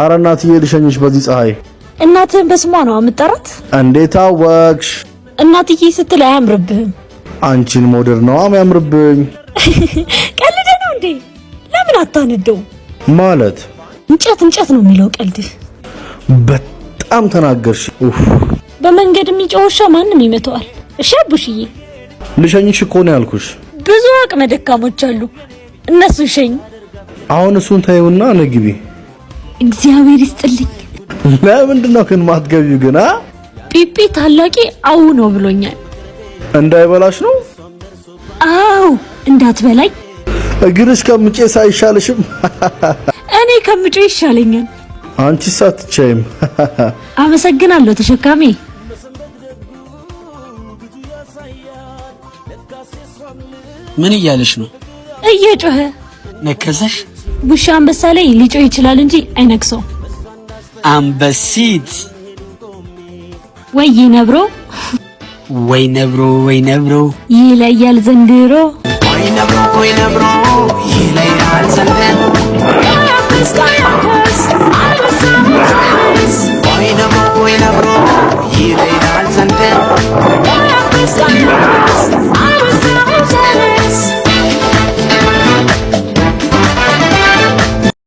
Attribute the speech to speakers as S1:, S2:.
S1: አረ እናትዬ ልሸኝሽ በዚህ ፀሐይ።
S2: እናትህን በስሟ ነው የምጠራት?
S1: እንዴት አወቅሽ?
S2: እናትዬ ስትል አያምርብህም።
S1: አንቺን ሞደር ነው አያምርብኝ።
S2: ቀልድ ነው እንዴ? ለምን አታንደው? ማለት እንጨት እንጨት ነው የሚለው ቀልድ።
S1: በጣም ተናገርሽ።
S2: በመንገድ የሚጮውሻ ማንም ይመተዋል። እሺ አቡሽዬ
S1: ልሸኝሽ እኮ ነው ያልኩሽ።
S2: ብዙ አቅመ ደካሞች አሉ፣ እነሱ ሸኝ
S1: አሁን እሱን ታየውና ነግቢ።
S2: እግዚአብሔር ይስጥልኝ።
S1: ለምንድን ነው ግን ማትገቢው? ግን
S2: ፒፒ ታላቂ አው ነው ብሎኛል።
S1: እንዳይበላሽ ነው።
S2: አው እንዳትበላኝ።
S1: እግርሽ ከምጬ ሳይሻልሽም
S2: እኔ ከምጬ ይሻለኛል።
S1: አንቺ ሳትቻይም።
S2: አመሰግናለሁ ተሸካሚ።
S3: ምን እያለሽ ነው? እየጮኸ ነከሰሽ?
S2: ውሻ አንበሳ ላይ ሊጮህ ይችላል እንጂ አይነክሰው።
S3: አንበሲት ወይ ነብሮ ወይ ነብሮ ወይ ነብሮ
S2: ይለያል ዘንድሮ ወይ ነብሮ ወይ ነብሮ ይለያል